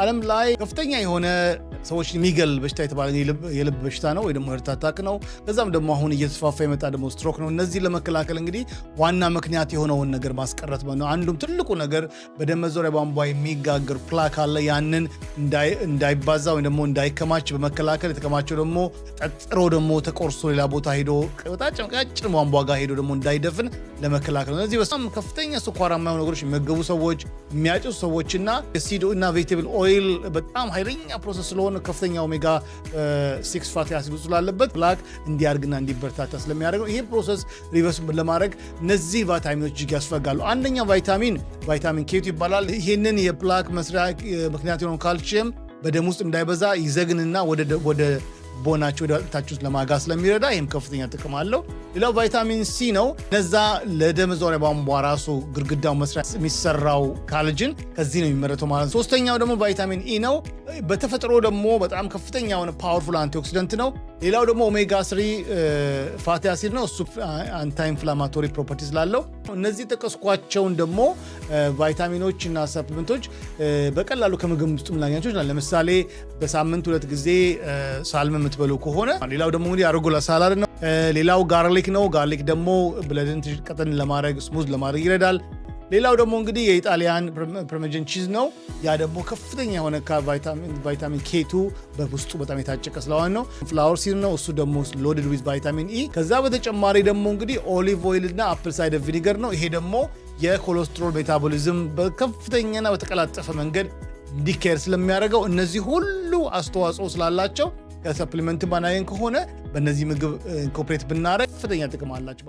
ዓለም ላይ ከፍተኛ የሆነ ሰዎች የሚገል በሽታ የተባለ የልብ በሽታ ነው ወይ ደግሞ ሀርት አታክ ነው። ከዛም ደግሞ አሁን እየተስፋፋ የመጣ ደግሞ ስትሮክ ነው። እነዚህ ለመከላከል እንግዲህ ዋና ምክንያት የሆነውን ነገር ማስቀረት ነው። አንዱም ትልቁ ነገር በደም መዞሪያ ቧንቧ የሚጋገር ፕላክ አለ። ያንን እንዳይባዛ ወይም ደግሞ እንዳይከማች በመከላከል የተከማቸው ደግሞ ጠጥሮ ደግሞ ተቆርሶ ሌላ ቦታ ሄዶ በጣም ቀጭን ቧንቧ ጋር ሄዶ ደግሞ እንዳይደፍን ለመከላከል ነው። እነዚህ በጣም ከፍተኛ ስኳራማ የሆኑ ነገሮች የሚመገቡ ሰዎች፣ የሚያጭሱ ሰዎች እና ሲዶ እና ቬጅቴብል ኦይል ኦይል በጣም ኃይለኛ ፕሮሰስ ስለሆነ ከፍተኛ ኦሜጋ ሲክስ ፋቲ አሲድ ውስጥ ስላለበት ብላክ እንዲያድግና እንዲበርታታ ስለሚያደርገው ይሄ ፕሮሰስ ሪቨርስ ለማድረግ እነዚህ ቫይታሚኖች እጅግ ያስፈልጋሉ። አንደኛ ቫይታሚን ቫይታሚን ኬቱ ይባላል። ይህንን የፕላክ መስሪያ ምክንያት የሆነው ካልሽየም በደም ውስጥ እንዳይበዛ ይዘግንና ወደ ቦናችሁ ወደ አጥንታችሁ ለማጋ ስለሚረዳ ይህም ከፍተኛ ጥቅም አለው። ሌላው ቫይታሚን ሲ ነው። እነዛ ለደም ዞሪያ ቧንቧ ራሱ ግድግዳው መስሪያ የሚሰራው ካልጅን ከዚህ ነው የሚመረተው ማለት ነው። ሶስተኛው ደግሞ ቫይታሚን ኢ ነው። በተፈጥሮ ደግሞ በጣም ከፍተኛ የሆነ ፓወርፉል አንቲኦክሲደንት ነው። ሌላው ደግሞ ኦሜጋ ስሪ ፋቲ አሲድ ነው። እሱ አንታ ኢንፍላማቶሪ ፕሮፐርቲ ስላለው እነዚህ ጠቀስኳቸውን ደግሞ ቫይታሚኖች እና ሰፕሊመንቶች በቀላሉ ከምግብ ውስጥ ልናገኛቸው ይችላል። ለምሳሌ በሳምንት ሁለት ጊዜ ሳልም የምትበሉ ከሆነ፣ ሌላው ደግሞ እንግዲህ አሮጎላ ሳላድ ነው። ሌላው ጋርሊክ ነው። ጋርሊክ ደግሞ ብለድን ቀጠን ለማድረግ ስሙዝ ለማድረግ ይረዳል። ሌላው ደግሞ እንግዲህ የኢጣሊያን ፕሮሜጀን ቺዝ ነው። ያ ደግሞ ከፍተኛ የሆነ ቫይታሚን ኬቱ በውስጡ በጣም የታጨቀ ስለሆነ ነው። ፍላወር ሲር ነው እሱ ደግሞ ሎድድ ዊዝ ቫይታሚን ኢ። ከዛ በተጨማሪ ደግሞ እንግዲህ ኦሊቭ ኦይል እና አፕል ሳይደር ቪኒገር ነው። ይሄ ደግሞ የኮሎስትሮል ሜታቦሊዝም በከፍተኛና በተቀላጠፈ መንገድ እንዲካሄድ ስለሚያደርገው እነዚህ ሁሉ አስተዋጽኦ ስላላቸው ከሰፕሊመንት ባናየን ከሆነ በእነዚህ ምግብ ኢንኮርፖሬት uh, ብናረግ ከፍተኛ ጥቅም አላቸው።